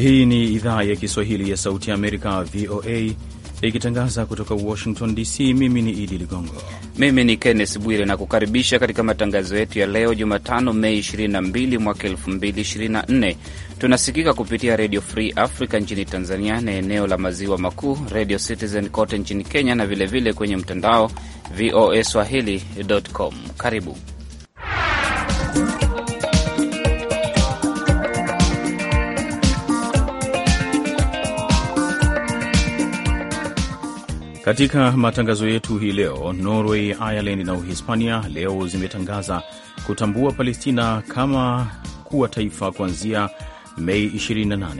Hii ni idhaa ya Kiswahili ya Sauti ya Amerika, VOA, ikitangaza kutoka Washington DC. Mimi ni Idi Ligongo, mimi ni Kenneth Bwire na kukaribisha katika matangazo yetu ya leo Jumatano, Mei 22 mwaka 2024. Tunasikika kupitia Redio Free Africa nchini Tanzania na eneo la maziwa makuu, Redio Citizen kote nchini Kenya na vilevile vile kwenye mtandao voa swahili.com. Karibu Katika matangazo yetu hii leo, Norway, Ireland na Uhispania leo zimetangaza kutambua Palestina kama kuwa taifa kuanzia Mei 28.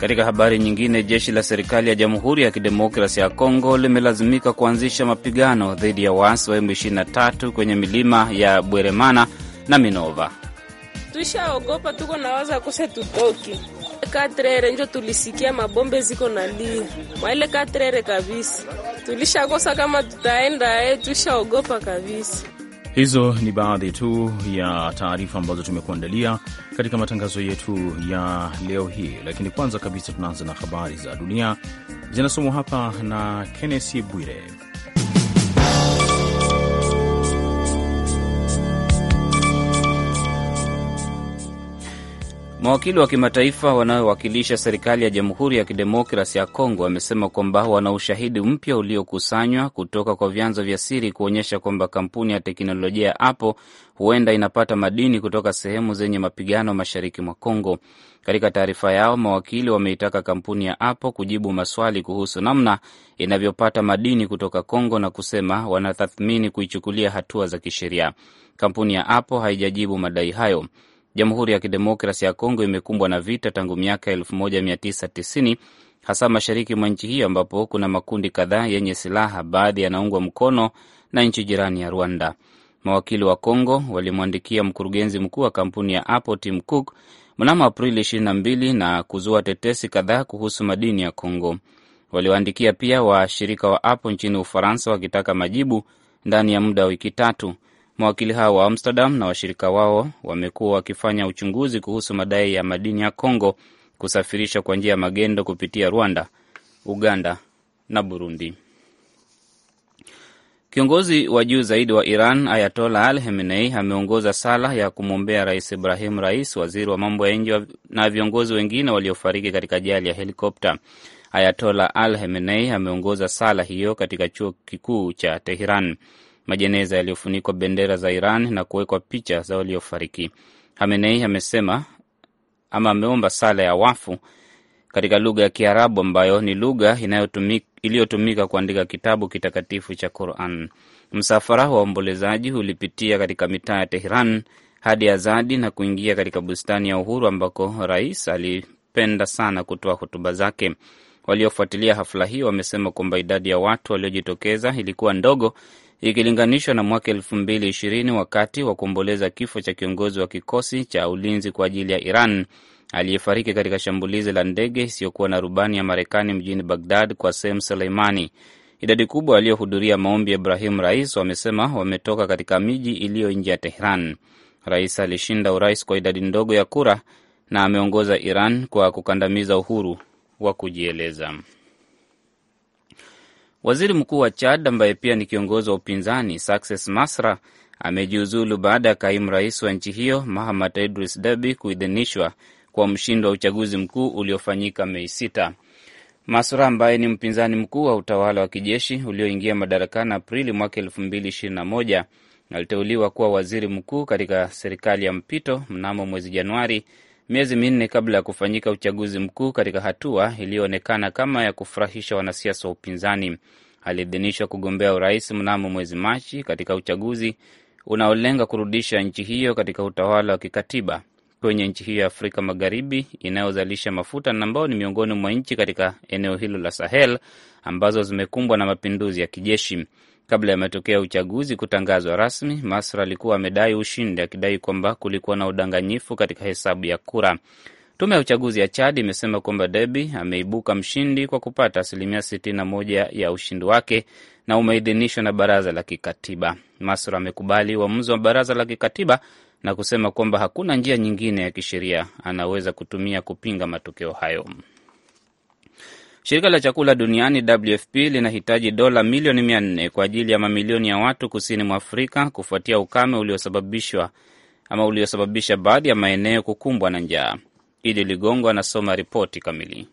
Katika habari nyingine, jeshi la serikali ya Jamhuri ya Kidemokrasia ya Kongo limelazimika kuanzisha mapigano dhidi ya waasi wa M23 kwenye milima ya Bweremana na Minova. Tushaogopa, tuko nawaza kuse tutoki katrere njo tulisikia mabombe ziko na lia mwaile katrere kabisa, tulishakosa kama tutaenda e, tushaogopa kabisa. Hizo ni baadhi tu ya taarifa ambazo tumekuandalia katika matangazo yetu ya leo hii, lakini kwanza kabisa tunaanza na habari za dunia zinasomwa hapa na Kennesi Bwire. Mawakili wa kimataifa wanaowakilisha serikali ya Jamhuri ya Kidemokrasi ya Kongo wamesema kwamba wana ushahidi mpya uliokusanywa kutoka kwa vyanzo vya siri kuonyesha kwamba kampuni ya teknolojia ya Apple huenda inapata madini kutoka sehemu zenye mapigano mashariki mwa Kongo. Katika taarifa yao, mawakili wameitaka kampuni ya Apple kujibu maswali kuhusu namna inavyopata madini kutoka Kongo na kusema wanatathmini kuichukulia hatua za kisheria. Kampuni ya Apple haijajibu madai hayo. Jamhuri ya Kidemokrasi ya Kongo imekumbwa na vita tangu miaka 1990 hasa mashariki mwa nchi hiyo ambapo kuna makundi kadhaa yenye silaha, baadhi yanaungwa mkono na nchi jirani ya Rwanda. Mawakili wa Kongo walimwandikia mkurugenzi mkuu wa kampuni ya Apple Tim Cook mnamo Aprili 22 na kuzua tetesi kadhaa kuhusu madini ya Kongo. walioandikia pia washirika wa Apple nchini Ufaransa wakitaka majibu ndani ya muda wa wiki tatu. Mawakili hao wa Amsterdam na washirika wao wamekuwa wakifanya uchunguzi kuhusu madai ya madini ya congo kusafirisha kwa njia ya magendo kupitia Rwanda, Uganda na Burundi. Kiongozi wa juu zaidi wa Iran Ayatola Al Hemenei ameongoza sala ya kumwombea Rais Ibrahim Rais, waziri wa mambo ya nje na viongozi wengine waliofariki katika ajali ya helikopta. Ayatola Al Hemenei ameongoza sala hiyo katika chuo kikuu cha Teheran majeneza yaliyofunikwa bendera za Iran na kuwekwa picha za waliofariki. Hamenei amesema ama ameomba sala ya wafu katika lugha ya Kiarabu ambayo ni lugha iliyotumika kuandika kitabu kitakatifu cha Quran. Msafara wa waombolezaji ulipitia katika mitaa ya Teheran hadi Azadi na kuingia katika bustani ya Uhuru ambako rais alipenda sana kutoa hotuba zake. Waliofuatilia hafla hiyo wamesema kwamba idadi ya watu waliojitokeza ilikuwa ndogo ikilinganishwa na mwaka elfu mbili ishirini wakati wa kuomboleza kifo cha kiongozi wa kikosi cha ulinzi kwa ajili ya Iran aliyefariki katika shambulizi la ndege isiyokuwa na rubani ya Marekani mjini Bagdad, Qasem suleimani Idadi kubwa waliohudhuria maombi ya Ibrahim Rais wamesema wametoka katika miji iliyo nje ya Tehran. Rais alishinda urais kwa idadi ndogo ya kura na ameongoza Iran kwa kukandamiza uhuru wa kujieleza. Waziri mkuu wa Chad ambaye pia ni kiongozi wa upinzani Success Masra amejiuzulu baada ya kaimu rais wa nchi hiyo Mahamad Idris Deby kuidhinishwa kwa mshindi wa uchaguzi mkuu uliofanyika Mei sita. Masra ambaye ni mpinzani mkuu wa utawala wa kijeshi ulioingia madarakani Aprili mwaka elfu mbili ishirini na moja aliteuliwa kuwa waziri mkuu katika serikali ya mpito mnamo mwezi Januari miezi minne kabla ya kufanyika uchaguzi mkuu katika hatua iliyoonekana kama ya kufurahisha wanasiasa wa upinzani. Aliidhinishwa kugombea urais mnamo mwezi Machi katika uchaguzi unaolenga kurudisha nchi hiyo katika utawala wa kikatiba kwenye nchi hiyo ya Afrika Magharibi inayozalisha mafuta na ambao ni miongoni mwa nchi katika eneo hilo la Sahel ambazo zimekumbwa na mapinduzi ya kijeshi. Kabla ya matokeo ya uchaguzi kutangazwa rasmi, masra alikuwa amedai ushindi, akidai kwamba kulikuwa na udanganyifu katika hesabu ya kura. Tume ya uchaguzi ya Chad imesema kwamba Debi ameibuka mshindi kwa kupata asilimia 61 ya ushindi wake na umeidhinishwa na baraza la kikatiba. masra amekubali uamuzi wa baraza la kikatiba na kusema kwamba hakuna njia nyingine ya kisheria anaweza kutumia kupinga matokeo hayo. Shirika la chakula duniani WFP linahitaji dola milioni nne kwa ajili ya mamilioni ya watu kusini mwa Afrika kufuatia ukame uliosababishwa ama uliosababisha baadhi ya maeneo kukumbwa na njaa. Idi Ligongo anasoma ripoti kamili.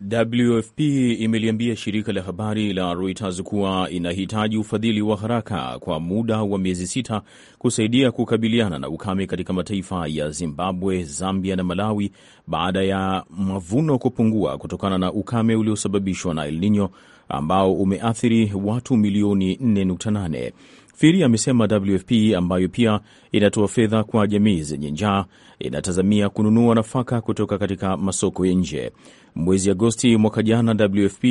WFP imeliambia shirika la habari la Reuters kuwa inahitaji ufadhili wa haraka kwa muda wa miezi sita kusaidia kukabiliana na ukame katika mataifa ya Zimbabwe, Zambia na Malawi baada ya mavuno kupungua kutokana na ukame uliosababishwa na El Nino ambao umeathiri watu milioni 4.8. Firi amesema WFP ambayo pia inatoa fedha kwa jamii zenye njaa inatazamia kununua nafaka kutoka katika masoko ya nje. Mwezi Agosti mwaka jana, WFP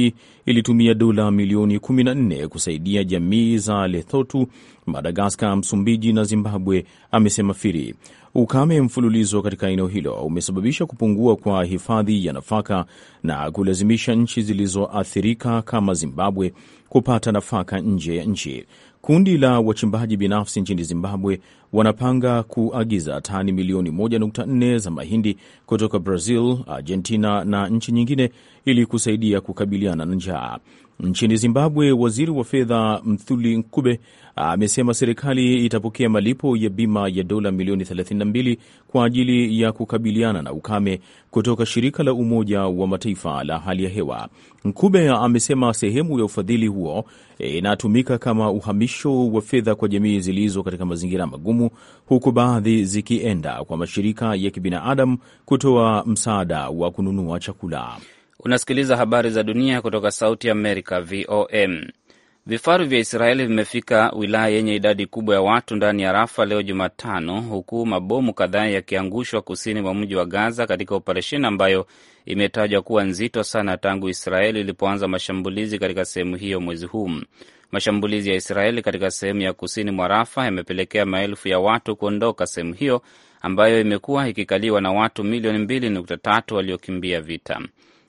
ilitumia dola milioni 14 kusaidia jamii za lethotu Madagaskar, Msumbiji na Zimbabwe, amesema Firi. Ukame mfululizo katika eneo hilo umesababisha kupungua kwa hifadhi ya nafaka na kulazimisha nchi zilizoathirika kama Zimbabwe kupata nafaka nje ya nchi. Kundi la wachimbaji binafsi nchini Zimbabwe wanapanga kuagiza tani milioni 1.4 za mahindi kutoka Brazil, Argentina na nchi nyingine ili kusaidia kukabiliana na njaa. Nchini Zimbabwe, waziri wa fedha Mthuli Nkube amesema serikali itapokea malipo ya bima ya dola milioni 32 kwa ajili ya kukabiliana na ukame kutoka shirika la Umoja wa Mataifa la hali ya hewa. Nkube amesema sehemu ya ufadhili huo inatumika kama uhamisho wa fedha kwa jamii zilizo katika mazingira magumu binadamu, huku baadhi zikienda kwa mashirika ya kibinadamu kutoa msaada wa kununua chakula. Unasikiliza habari za dunia kutoka Sauti Amerika, VOM. Vifaru vya Israeli vimefika wilaya yenye idadi kubwa ya watu ndani ya Rafa leo Jumatano, huku mabomu kadhaa yakiangushwa kusini mwa mji wa Gaza katika operesheni ambayo imetajwa kuwa nzito sana tangu Israeli ilipoanza mashambulizi katika sehemu hiyo mwezi huu. Mashambulizi ya Israeli katika sehemu ya kusini mwa Rafa yamepelekea maelfu ya watu kuondoka sehemu hiyo ambayo imekuwa ikikaliwa na watu milioni 2.3 waliokimbia vita.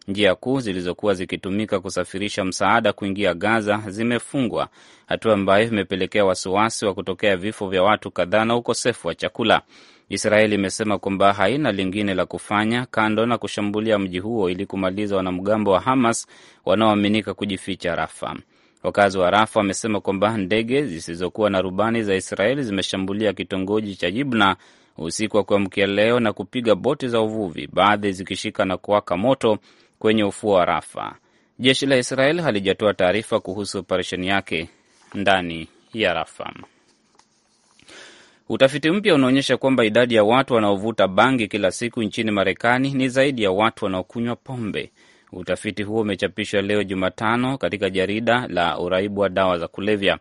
Njia kuu zilizokuwa zikitumika kusafirisha msaada kuingia Gaza zimefungwa, hatua ambayo imepelekea wasiwasi wa kutokea vifo vya watu kadhaa na ukosefu wa chakula. Israeli imesema kwamba haina lingine la kufanya kando na kushambulia mji huo ili kumaliza wanamgambo wa Hamas wanaoaminika kujificha Rafa. Wakazi wa Rafa wamesema kwamba ndege zisizokuwa na rubani za Israeli zimeshambulia kitongoji cha Jibna usiku wa kuamkia leo na kupiga boti za uvuvi, baadhi zikishika na kuwaka moto kwenye ufuo wa Rafa. Jeshi la Israeli halijatoa taarifa kuhusu operesheni yake ndani ya Rafa. Utafiti mpya unaonyesha kwamba idadi ya watu wanaovuta bangi kila siku nchini Marekani ni zaidi ya watu wanaokunywa pombe. Utafiti huo umechapishwa leo Jumatano katika jarida la uraibu wa dawa za kulevya.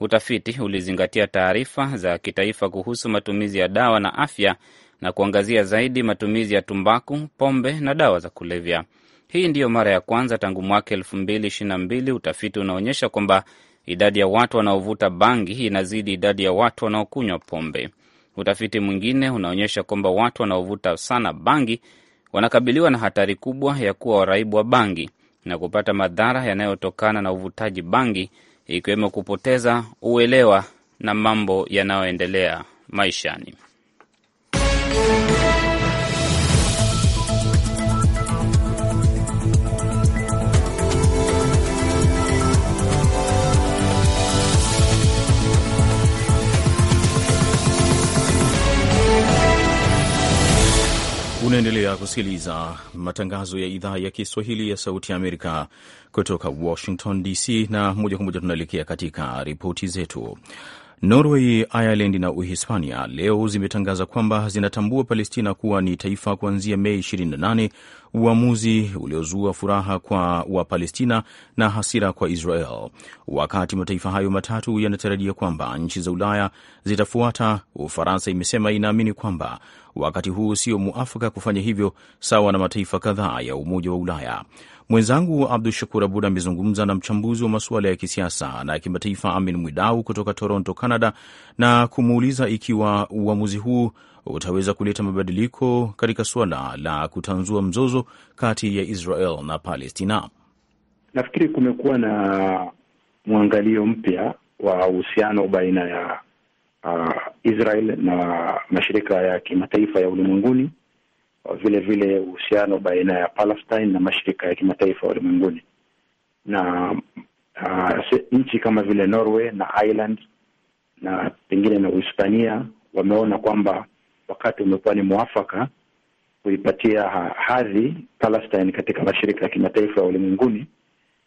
Utafiti ulizingatia taarifa za kitaifa kuhusu matumizi ya dawa na afya na kuangazia zaidi matumizi ya tumbaku, pombe na dawa za kulevya. Hii ndiyo mara ya kwanza tangu mwaka elfu mbili ishirini na mbili utafiti unaonyesha kwamba idadi ya watu wanaovuta bangi inazidi idadi ya watu wanaokunywa pombe. Utafiti mwingine unaonyesha kwamba watu wanaovuta sana bangi wanakabiliwa na hatari kubwa ya kuwa waraibu wa bangi na kupata madhara yanayotokana na uvutaji bangi, ikiwemo kupoteza uelewa na mambo yanayoendelea maishani. Unaendelea kusikiliza matangazo ya idhaa ya Kiswahili ya Sauti ya Amerika kutoka Washington DC, na moja kwa moja tunaelekea katika ripoti zetu. Norway, Ireland na Uhispania leo zimetangaza kwamba zinatambua Palestina kuwa ni taifa kuanzia Mei 28, uamuzi uliozua furaha kwa Wapalestina na hasira kwa Israel, wakati mataifa hayo matatu yanatarajia kwamba nchi za Ulaya zitafuata. Ufaransa imesema inaamini kwamba wakati huu sio muafaka kufanya hivyo, sawa na mataifa kadhaa ya Umoja wa Ulaya. Mwenzangu Abdu Shakur Abud amezungumza na mchambuzi wa masuala ya kisiasa na kimataifa Amin Mwidau kutoka Toronto, Canada, na kumuuliza ikiwa uamuzi huu utaweza kuleta mabadiliko katika suala la kutanzua mzozo kati ya Israel na Palestina. Nafikiri kumekuwa na mwangalio mpya wa uhusiano baina ya uh, Israel na mashirika ya kimataifa ya ulimwenguni, vile vile uhusiano baina ya Palestine na mashirika ya kimataifa ya ulimwenguni na uh, nchi kama vile Norway na Ireland na pengine na Uhispania wameona kwamba wakati umekuwa ni mwafaka kuipatia hadhi Palestine katika mashirika ya kimataifa ya ulimwenguni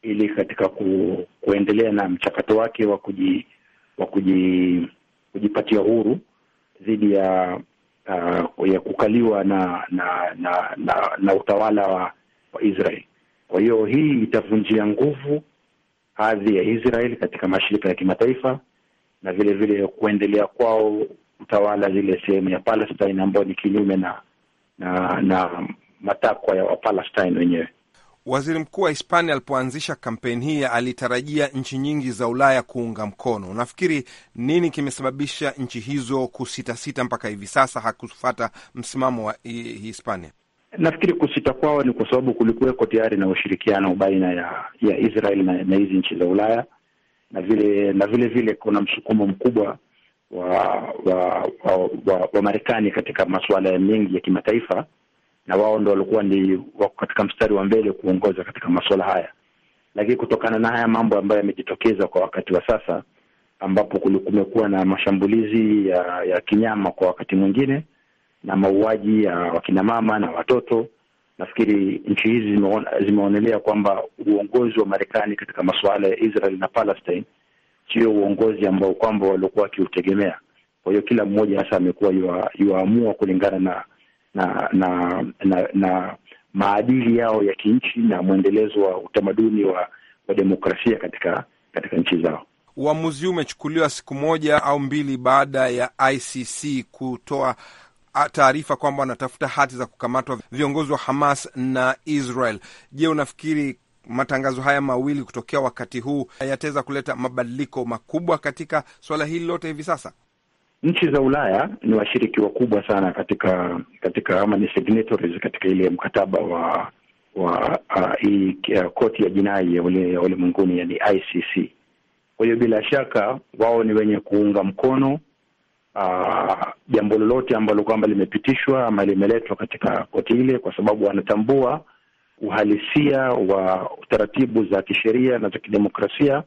ili katika ku, kuendelea na mchakato wake wa kuji wa kuji kujipatia uhuru dhidi ya uh, ya kukaliwa na na na, na, na utawala wa, wa Israel. Kwa hiyo hii itavunjia nguvu hadhi ya Israel katika mashirika ya kimataifa na vile vile kuendelea kwao utawala zile sehemu ya Palestine ambayo ni kinyume na na na matakwa ya Wapalestine wenyewe. Waziri mkuu wa Hispania alipoanzisha kampeni hii alitarajia nchi nyingi za Ulaya kuunga mkono. Unafikiri nini kimesababisha nchi hizo kusitasita mpaka hivi sasa, hakufata msimamo wa Hispania? Nafikiri kusita kwao ni kwa sababu kulikuweko tayari na ushirikiano baina ya ya Israel na hizi nchi za Ulaya, na vile na vile vile kuna msukumo mkubwa wa wa, wa, wa, wa Marekani katika masuala mengi ya kimataifa na wao ndo walikuwa ni wako katika mstari wa mbele kuongoza katika masuala haya, lakini kutokana na haya mambo ambayo yamejitokeza kwa wakati wa sasa, ambapo kumekuwa na mashambulizi ya, ya kinyama kwa wakati mwingine na mauaji ya wakina mama na watoto, nafikiri nchi hizi zimeonelea kwamba uongozi wa Marekani katika masuala ya Israel na Palestine sio uongozi ambao kwamba waliokuwa wakiutegemea. Kwa hiyo kila mmoja sasa amekuwa yuaamua kulingana na na na na, na maadili yao ya kinchi na mwendelezo wa utamaduni wa, wa demokrasia katika katika nchi zao. Uamuzi huu umechukuliwa siku moja au mbili baada ya ICC kutoa ah, taarifa kwamba wanatafuta hati za kukamatwa viongozi wa Hamas na Israel. Je, unafikiri matangazo haya mawili kutokea wakati huu yataweza kuleta mabadiliko makubwa katika suala hili lote hivi sasa? Nchi za Ulaya ni washiriki wakubwa sana katika katika ama ni signatories katika ile mkataba wa wa uh, hii uh, uh, koti ya jinai ya ulimwenguni yani ICC. Kwa hiyo bila shaka wao ni wenye kuunga mkono uh, jambo lolote ambalo kwamba limepitishwa ama limeletwa katika koti ile, kwa sababu wanatambua uhalisia wa taratibu za kisheria na za kidemokrasia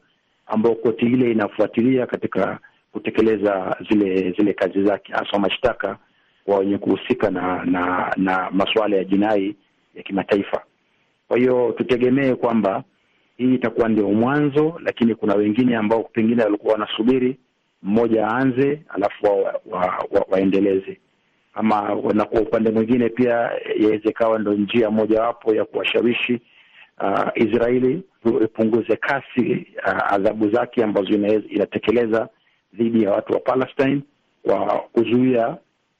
ambao koti ile inafuatilia katika kutekeleza zile zile kazi zake, hasa mashtaka kwa wenye kuhusika na na na masuala ya jinai ya kimataifa. Kwa hiyo tutegemee kwamba hii itakuwa ndio mwanzo, lakini kuna wengine ambao pengine walikuwa wanasubiri mmoja aanze alafu wa, wa, wa, waendeleze ama, na kwa upande mwingine pia yaweze kawa ndo njia mojawapo ya kuwashawishi uh, Israeli ipunguze kasi uh, adhabu zake ambazo inatekeleza dhidi ya watu wa Palestine kwa kuzuia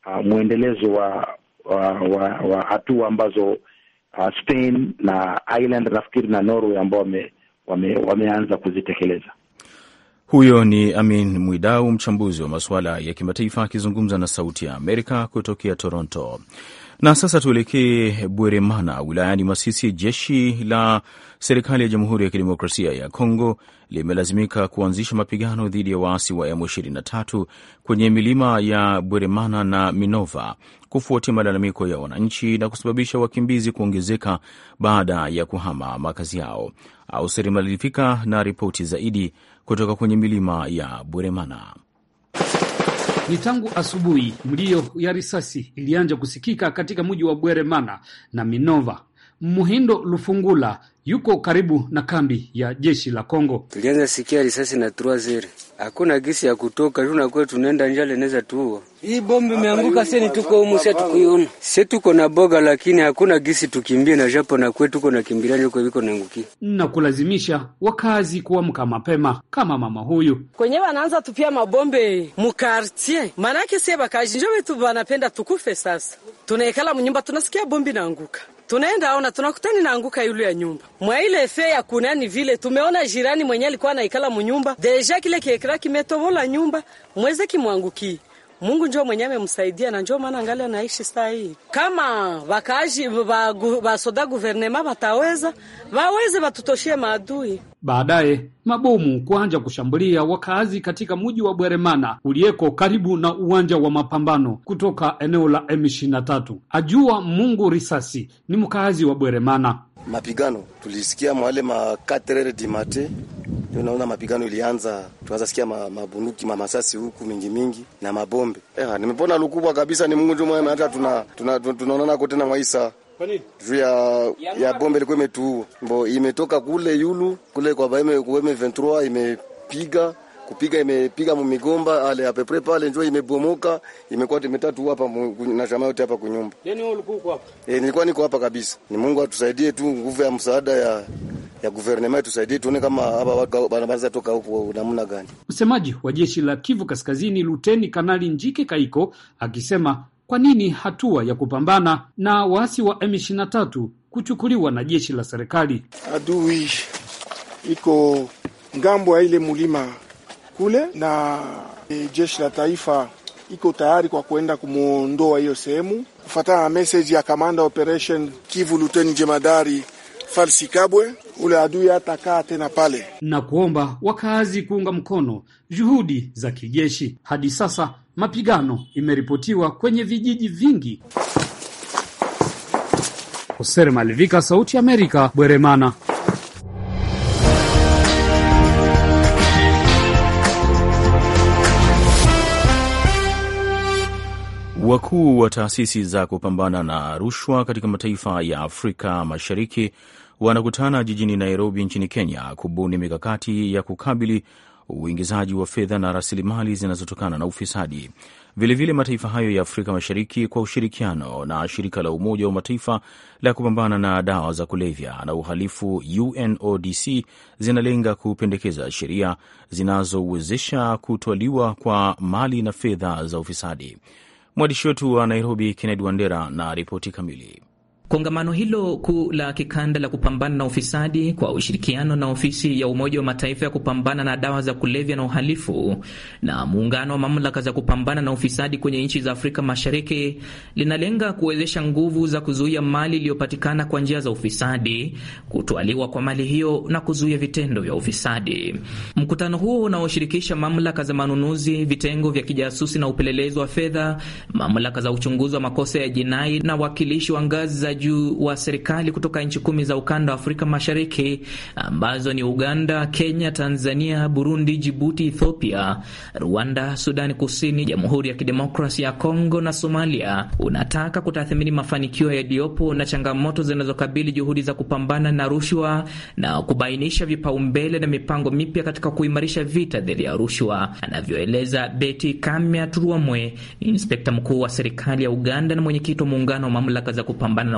uh, mwendelezo wa wa hatua ambazo uh, Spain na Ireland nafikiri na Norway ambao wame, wame, wameanza kuzitekeleza. Huyo ni Amin Mwidau, mchambuzi wa masuala ya kimataifa akizungumza na Sauti ya Amerika kutokea Toronto. Na sasa tuelekee Bweremana wilayani Masisi. Jeshi la serikali ya Jamhuri ya Kidemokrasia ya Kongo limelazimika kuanzisha mapigano dhidi ya waasi wa M23 kwenye milima ya Bweremana na Minova kufuatia malalamiko ya wananchi na kusababisha wakimbizi kuongezeka baada ya kuhama makazi yao. Auseri Malilifika na ripoti zaidi kutoka kwenye milima ya Bweremana. Ni tangu asubuhi, mlio ya risasi ilianza kusikika katika mji wa Bweremana na Minova Muhindo Lufungula yuko karibu na kambi ya jeshi la Kongo. Tulianza sikia risasi na truazeri, hakuna gisi ya kutoka, tunakuwa tunaenda njale, neza tuua hii bombi imeanguka seni, tuko humu se tukuiona se tuko na boga, lakini hakuna gisi tukimbie na japo na kwe tuko na kimbiliani uko viko naangukia na kulazimisha wakazi kuamka mapema, kama mama huyu kwenye wanaanza tupia mabombe mukartie, maanake sie bakaji njo vetu vanapenda tukufe. Sasa tunaekala mnyumba, tunasikia bombi naanguka tunaenda ona, tunakutana na anguka yule ya nyumba mwa ile fe ya kunani vile. Tumeona jirani mwenye alikuwa anaikala munyumba deja, kile kiekra kimetobola nyumba mweze kimwangukie Mungu njo mwenye amemsaidia na njo maana angali anaishi saa hii. Kama wakaaji wasoda guvernema wataweza waweze watutoshie maadui. Baadaye mabomu kuanja kushambulia wakaazi katika mji wa Bweremana ulieko karibu na uwanja wa mapambano kutoka eneo la M23. Ajua Mungu risasi ni mkaazi wa Bweremana mapigano tulisikia mwale ma 4 du matin ndio naona mapigano ilianza, tuanza sikia mabunduki mamasasi huku mingi mingi na mabombe. Eh, nimepona lukubwa kabisa, ni Mungu ndio mwema, hata tuna tunaonana kote na Mwaisa juu ya, ya bombe ilikuwa imetuua mbo imetoka kule yulu kule kwa baime kwa 23 imepiga kupiga imepiga mumigomba ale apepre pale njoo imebomoka imekuwa imetatu hapa na shamba yote hapa kunyumba. Yani wewe ulikuwa uko hapa? Eh, nilikuwa niko hapa kabisa. Ni Mungu atusaidie tu nguvu ya msaada ya ya guvernema tusaidie tuone kama hapa watu wanaweza toka huko namna gani. Msemaji wa jeshi la Kivu Kaskazini Luteni Kanali Njike Kaiko akisema kwa nini hatua ya kupambana na waasi wa M23 kuchukuliwa na jeshi la serikali. Adui iko ngambo ya ile mulima kule, na e, jeshi la taifa iko tayari kwa kuenda kumwondoa hiyo sehemu, kufuatana na meseji ya kamanda operation Kivu Luteni Jemadari Falsi Kabwe, ule adui hatakaa tena pale, na kuomba wakaazi kuunga mkono juhudi za kijeshi. Hadi sasa mapigano imeripotiwa kwenye vijiji vingi. Hoser Malivika, Sauti ya Amerika, Bweremana. Wakuu wa taasisi za kupambana na rushwa katika mataifa ya Afrika Mashariki wanakutana jijini Nairobi nchini Kenya kubuni mikakati ya kukabili uingizaji wa fedha na rasilimali zinazotokana na ufisadi. Vilevile vile mataifa hayo ya Afrika Mashariki kwa ushirikiano na shirika la Umoja wa Mataifa la kupambana na dawa za kulevya na uhalifu UNODC zinalenga kupendekeza sheria zinazowezesha kutwaliwa kwa mali na fedha za ufisadi. Mwandishi wetu wa Nairobi, Kennedy Wandera, na ripoti kamili. Kongamano hilo kuu la kikanda la kupambana na ufisadi kwa ushirikiano na ofisi ya Umoja wa Mataifa ya kupambana na dawa za kulevya na uhalifu na muungano wa mamlaka za kupambana na ufisadi kwenye nchi za Afrika Mashariki linalenga kuwezesha nguvu za kuzuia mali iliyopatikana kwa njia za ufisadi kutwaliwa kwa mali hiyo na kuzuia vitendo vya ufisadi. Mkutano huo unaoshirikisha mamlaka za manunuzi, vitengo vya kijasusi na upelelezi wa fedha, mamlaka za uchunguzi wa makosa ya jinai na wakilishi wa ngazi za juu wa serikali kutoka nchi kumi za ukanda wa Afrika Mashariki ambazo ni Uganda, Kenya, Tanzania, Burundi, Jibuti, Ethiopia, Rwanda, Sudani Kusini, Jamhuri ya Kidemokrasia ya Kongo na Somalia unataka kutathmini mafanikio yaliyopo na changamoto zinazokabili juhudi za kupambana na rushwa na kubainisha vipaumbele na mipango mipya katika kuimarisha vita dhidi ya rushwa, anavyoeleza Beti Kamya Turwamwe, inspekta mkuu wa serikali ya Uganda na mwenyekiti wa muungano wa mamlaka za kupambana na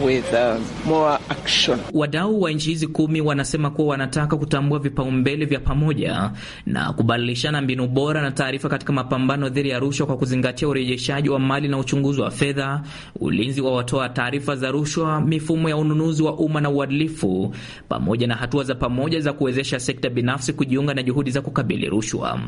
with, uh, more action. Wadau wa nchi hizi kumi wanasema kuwa wanataka kutambua vipaumbele vya pamoja na kubadilishana mbinu bora na taarifa katika mapambano dhidi ya rushwa kwa kuzingatia urejeshaji wa mali na uchunguzi wa fedha, ulinzi wa watoa taarifa za rushwa, mifumo ya ununuzi wa umma na uadilifu, pamoja na hatua za pamoja za kuwezesha sekta binafsi kujiunga na juhudi za kukabili rushwa.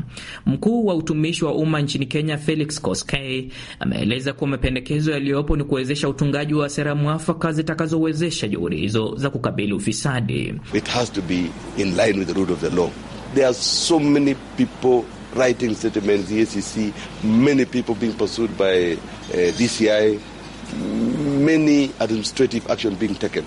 Mkuu wa utumishi wa umma nchini Kenya Felix Koskei ameeleza kuwa mapendekezo yaliyopo ni kuwezesha utungaji wa sera mwafaka mwafaka zitakazowezesha juhudi hizo za kukabili ufisadi. It has to be in line with the rule of the law. There are so many people writing statements, the ACC, many people being pursued by uh, DCI, many administrative action being taken.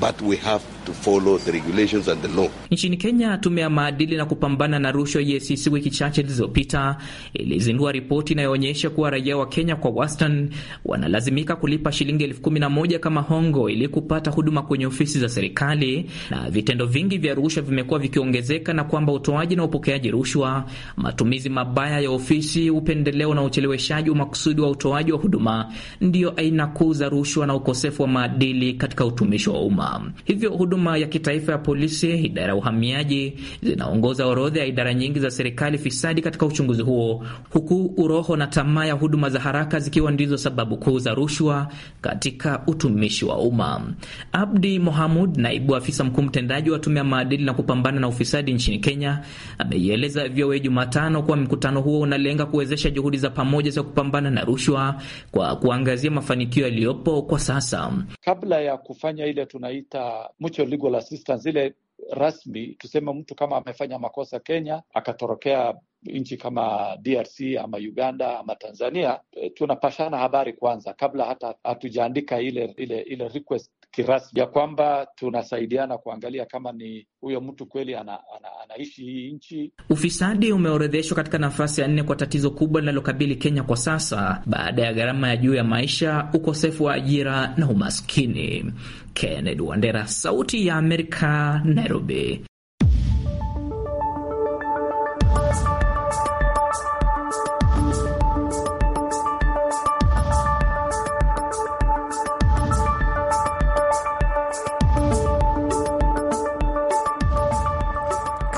But we have to follow the regulations and the law. Nchini Kenya, tume ya maadili na kupambana na rushwa EACC wiki chache zilizopita ilizindua ripoti inayoonyesha kuwa raia wa Kenya kwa waston wanalazimika kulipa shilingi elfu kumi na moja kama hongo ili kupata huduma kwenye ofisi za serikali, na vitendo vingi vya rushwa vimekuwa vikiongezeka, na kwamba utoaji na upokeaji rushwa, matumizi mabaya ya ofisi, upendeleo na ucheleweshaji wa makusudi wa utoaji wa huduma ndiyo aina kuu za rushwa na ukosefu wa maadili katika utumishi wa umma. Hivyo huduma Huduma ya Kitaifa ya Polisi, idara ya uhamiaji zinaongoza orodha ya idara nyingi za serikali fisadi katika uchunguzi huo, huku uroho na tamaa ya huduma za haraka zikiwa ndizo sababu kuu za rushwa katika utumishi wa umma. Abdi Mohamud, naibu afisa mkuu mtendaji wa tume ya maadili na kupambana na ufisadi nchini Kenya, ameieleza VOA Jumatano kuwa mkutano huo unalenga kuwezesha juhudi za pamoja za kupambana na rushwa kwa kuangazia mafanikio yaliyopo kwa sasa kabla ya kufanya ile tunaita mutual legal assistance ile rasmi, tuseme mtu kama amefanya makosa Kenya akatorokea nchi kama DRC ama Uganda ama Tanzania, eh, tunapashana habari kwanza kabla hata hatujaandika ile ile ile request kirasmi ya kwamba tunasaidiana kuangalia kama ni huyo mtu kweli ana, ana, anaishi hii nchi. Ufisadi umeorodheshwa katika nafasi ya nne kwa tatizo kubwa linalokabili Kenya kwa sasa baada ya gharama ya juu ya maisha, ukosefu wa ajira na umaskini. Kennedy Wandera, Sauti ya Amerika, Nairobi.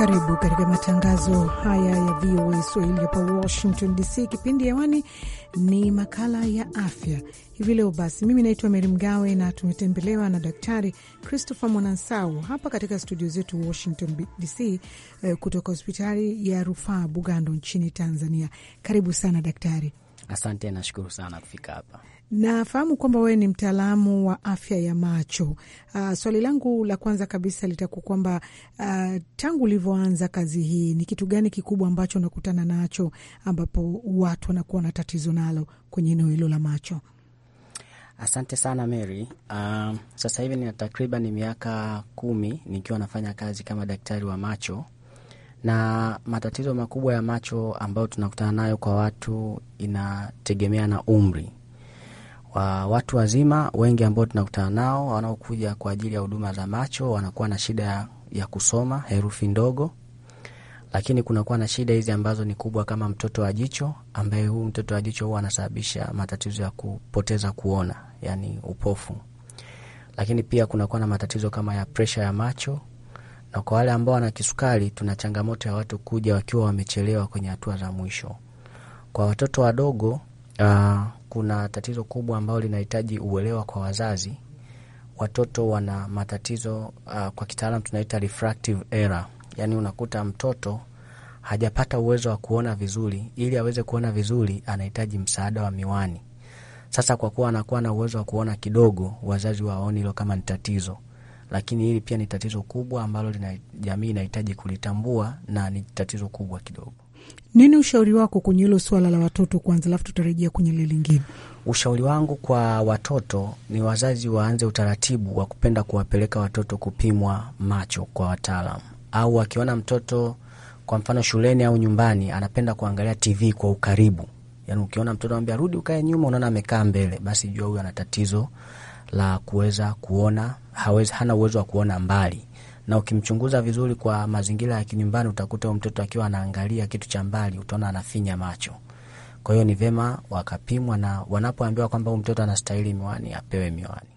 Karibu katika matangazo haya ya VOA Swahili hapa Washington DC. Kipindi hewani ni makala ya afya hivi leo. Basi mimi naitwa Meri Mgawe na tumetembelewa na Daktari Christopher Mwanansau hapa katika studio zetu Washington DC, eh, kutoka hospitali ya rufaa Bugando nchini Tanzania. Karibu sana daktari. Asante, nashukuru sana kufika hapa. Nafahamu kwamba wewe ni mtaalamu wa afya ya macho. Uh, swali langu la kwanza kabisa litakuwa kwamba uh, tangu ulivyoanza kazi hii ni kitu gani kikubwa ambacho unakutana nacho ambapo watu wanakuwa na tatizo nalo kwenye eneo hilo la macho? Asante sana Mary. Uh, sasa hivi nina takriban miaka kumi nikiwa nafanya kazi kama daktari wa macho, na matatizo makubwa ya macho ambayo tunakutana nayo kwa watu inategemea na umri wa watu wazima wengi ambao tunakutana nao wanaokuja kwa ajili ya huduma za macho wanakuwa na shida ya kusoma herufi ndogo, lakini kunakuwa na shida hizi ambazo ni kubwa kama mtoto wa jicho, ambaye huu mtoto wa jicho huwa anasababisha matatizo ya kupoteza kuona, yani upofu. Lakini pia kunakuwa na matatizo kama ya presha ya macho, na kwa wale ambao wana kisukari, tuna changamoto ya watu kuja wakiwa wamechelewa kwenye hatua za mwisho. Kwa watoto wadogo uh, kuna tatizo kubwa ambalo linahitaji uelewa kwa wazazi. Watoto wana matatizo uh, kwa kitaalam tunaita refractive error, yaani unakuta mtoto hajapata uwezo wa kuona vizuri. Ili aweze kuona vizuri, anahitaji msaada wa miwani. Sasa kwa kuwa anakuwa na uwezo wa kuona kidogo, wazazi waoni hilo kama ni tatizo, lakini hili pia ni tatizo kubwa ambalo jamii inahitaji kulitambua na ni tatizo kubwa kidogo. Nini ushauri wako kwenye hilo swala la watoto kwanza, alafu tutarejea kwenye lile lingine? Ushauri wangu kwa watoto ni wazazi waanze utaratibu wa kupenda kuwapeleka watoto kupimwa macho kwa wataalamu, au wakiona mtoto kwa mfano shuleni au nyumbani anapenda kuangalia TV kwa ukaribu, yani ukiona mtoto anambia rudi ukae nyuma, unaona amekaa mbele, basi jua huyu ana tatizo la kuweza kuona, hawezi, hana uwezo wa kuona mbali na ukimchunguza vizuri kwa mazingira ya kinyumbani utakuta huyo mtoto akiwa anaangalia kitu cha mbali, utaona anafinya macho. Kwa hiyo ni vema wakapimwa, na wanapoambiwa kwamba huyu mtoto anastahili miwani apewe miwani.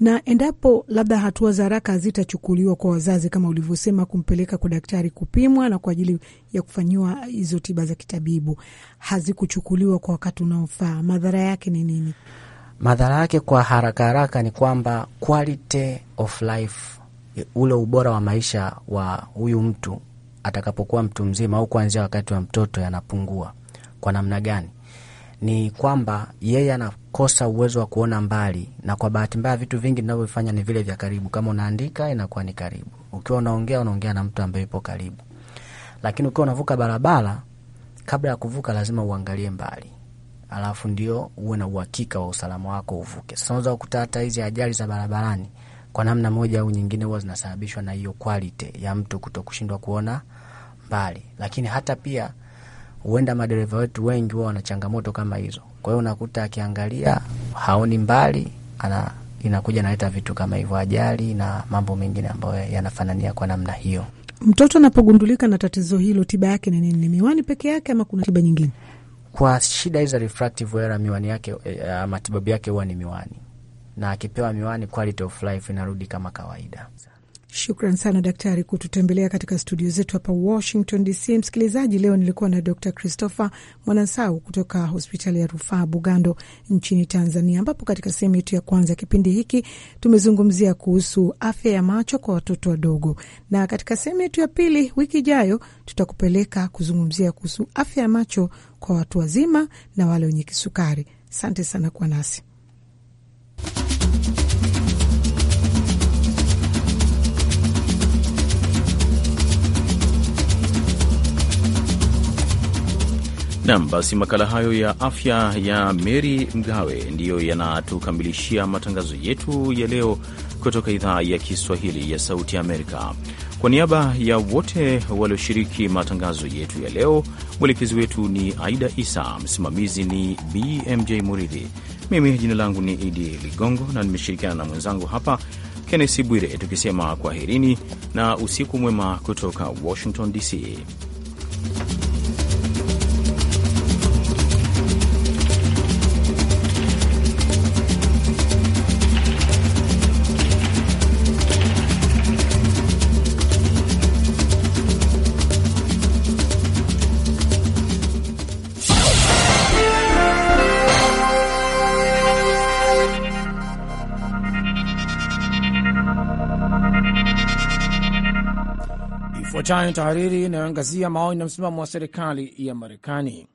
Na endapo labda hatua za haraka hazitachukuliwa kwa wazazi, kama ulivyosema, kumpeleka kwa daktari kupimwa na kwa ajili ya kufanyiwa hizo tiba za kitabibu, hazikuchukuliwa kwa wakati unaofaa, madhara yake ni nini? Madhara yake kwa haraka haraka ni kwamba quality of life Eh, ule ubora wa maisha wa huyu mtu atakapokuwa mtu mzima au kuanzia wakati wa mtoto yanapungua. Kwa namna gani? Ni kwamba yeye anakosa uwezo wa kuona mbali, na kwa bahati mbaya vitu vingi vinavyofanya ni vile vya karibu. Kama unaandika inakuwa ni karibu, ukiwa unaongea unaongea na mtu ambaye yupo karibu, lakini ukiwa unavuka barabara, kabla ya kuvuka lazima uangalie mbali, alafu ndio uwe na uhakika wa usalama wako uvuke. Sasa unaweza kukuta hata hizi ajali za barabarani kwa namna moja au nyingine huwa zinasababishwa na hiyo quality ya mtu kuto kushindwa kuona mbali, lakini hata pia huenda madereva wetu wengi huwa wana changamoto kama hizo. Kwa hiyo unakuta akiangalia haoni mbali, ana inakuja naleta vitu kama hivyo, ajali na mambo mengine ambayo yanafanania kwa namna hiyo. Mtoto anapogundulika na tatizo hilo, tiba yake ni nini? Ni miwani peke yake ama kuna tiba nyingine kwa shida hizi za refractive error? Miwani yake, eh, ah, matibabu yake huwa ni miwani na akipewa miwani quality of life inarudi kama kawaida. Shukran sana daktari kututembelea katika studio zetu hapa Washington DC. Msikilizaji, leo nilikuwa na Dr Christopher Mwanansau kutoka hospitali ya rufaa Bugando nchini Tanzania, ambapo katika sehemu yetu ya kwanza kipindi hiki tumezungumzia kuhusu afya ya macho kwa watoto wadogo, na katika sehemu yetu ya pili wiki ijayo tutakupeleka kuzungumzia kuhusu afya ya macho kwa watu wazima na wale wenye kisukari. Asante sana kuwa nasi. Nam, basi makala hayo ya afya ya Meri Mgawe ndiyo yanatukamilishia matangazo yetu ya leo kutoka idhaa ya Kiswahili ya Sauti Amerika. Kwa niaba ya wote walioshiriki matangazo yetu ya leo, mwelekezi wetu ni Aida Isa, msimamizi ni BMJ Muridhi. Mimi jina langu ni Idi Ligongo na nimeshirikiana na mwenzangu hapa Kennesi Bwire, tukisema kwaherini na usiku mwema kutoka Washington DC. Ifuatayo ni tahariri inayoangazia maoni na msimamo wa serikali ya Marekani.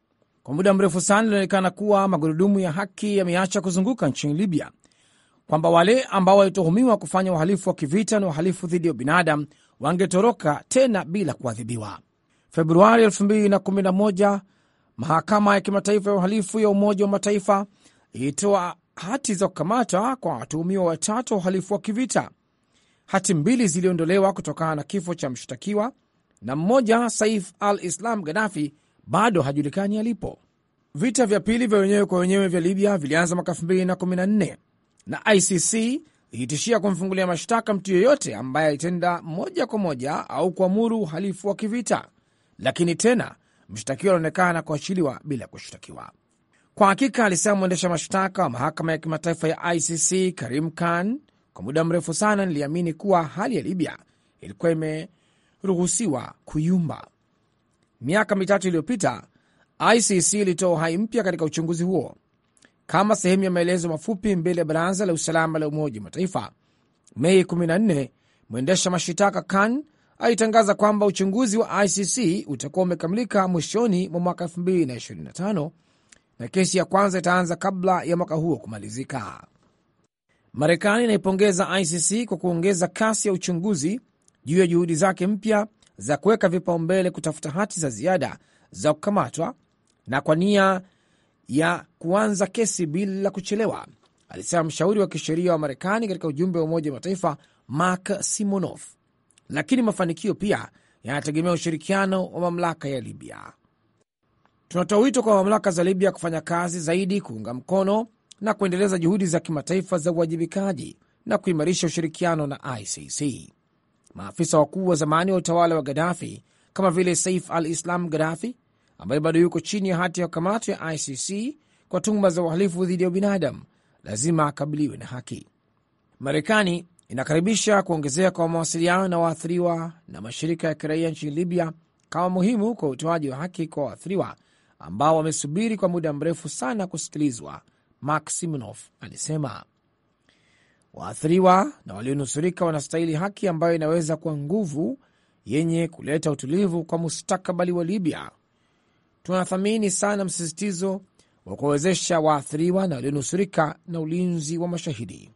Kwa muda mrefu sana ilionekana kuwa magurudumu ya haki yameacha kuzunguka nchini Libya, kwamba wale ambao walituhumiwa kufanya uhalifu wa kivita na uhalifu dhidi ya binadamu wangetoroka tena bila kuadhibiwa. Februari 2011 mahakama ya kimataifa ya uhalifu ya Umoja wa Mataifa ilitoa hati za kukamatwa kwa watuhumiwa watatu wa uhalifu wa kivita hati mbili ziliondolewa kutokana na kifo cha mshtakiwa na mmoja, Saif al-Islam Gaddafi, bado hajulikani alipo. Vita vya pili vya wenyewe kwa wenyewe vya Libya vilianza mwaka 2014 na ICC ilitishia kumfungulia mashtaka mtu yeyote ambaye alitenda moja kwa moja au kuamuru uhalifu wa kivita, lakini tena mshtakiwa alionekana kuachiliwa bila kushtakiwa. Kwa hakika, alisema mwendesha mashtaka wa mahakama ya kimataifa ya ICC Karim Khan kwa muda mrefu sana niliamini kuwa hali ya Libya ilikuwa imeruhusiwa kuyumba. Miaka mitatu iliyopita, ICC ilitoa uhai mpya katika uchunguzi huo. Kama sehemu ya maelezo mafupi mbele ya baraza la usalama la Umoja wa Mataifa Mei 14, mwendesha mashitaka Khan alitangaza kwamba uchunguzi wa ICC utakuwa umekamilika mwishoni mwa mwaka 2025 na kesi ya kwanza itaanza kabla ya mwaka huo kumalizika. Marekani inaipongeza ICC kwa kuongeza kasi ya uchunguzi juu ya juhudi zake mpya za kuweka vipaumbele kutafuta hati za ziada za kukamatwa na kwa nia ya kuanza kesi bila kuchelewa, alisema mshauri wa kisheria wa Marekani katika ujumbe wa Umoja wa Mataifa Mark Simonoff. Lakini mafanikio pia yanategemea ushirikiano wa mamlaka ya Libya. Tunatoa wito kwa mamlaka za Libya kufanya kazi zaidi kuunga mkono na kuendeleza juhudi za kimataifa za uwajibikaji na kuimarisha ushirikiano na ICC. Maafisa wakuu wa zamani wa utawala wa Gaddafi kama vile Saif al-Islam Gaddafi ambaye bado yuko chini ya hati ya kamato ya ICC kwa tuhuma za uhalifu dhidi ya ubinadamu lazima akabiliwe na haki. Marekani inakaribisha kuongezea kwa mawasiliano na waathiriwa na mashirika ya kiraia nchini Libya kama muhimu kwa utoaji wa haki kwa waathiriwa ambao wamesubiri kwa muda mrefu sana kusikilizwa Maksimoff alisema waathiriwa na walionusurika wanastahili haki ambayo inaweza kuwa nguvu yenye kuleta utulivu kwa mustakabali wa Libya. Tunathamini sana msisitizo wa kuwawezesha waathiriwa na walionusurika na ulinzi wa mashahidi.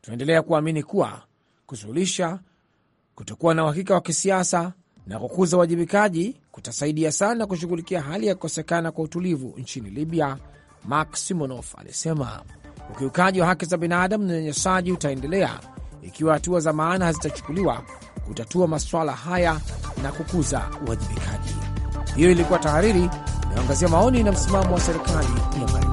Tunaendelea kuamini kuwa kusuluhisha kutokuwa na uhakika wa kisiasa na kukuza uwajibikaji kutasaidia sana kushughulikia hali ya kukosekana kwa utulivu nchini Libya, Max Simonov alisema ukiukaji wa haki za binadamu na unyanyasaji utaendelea ikiwa hatua za maana hazitachukuliwa kutatua masuala haya na kukuza uwajibikaji. Hiyo ilikuwa tahariri inayoangazia maoni na msimamo wa serikali ya Marekani.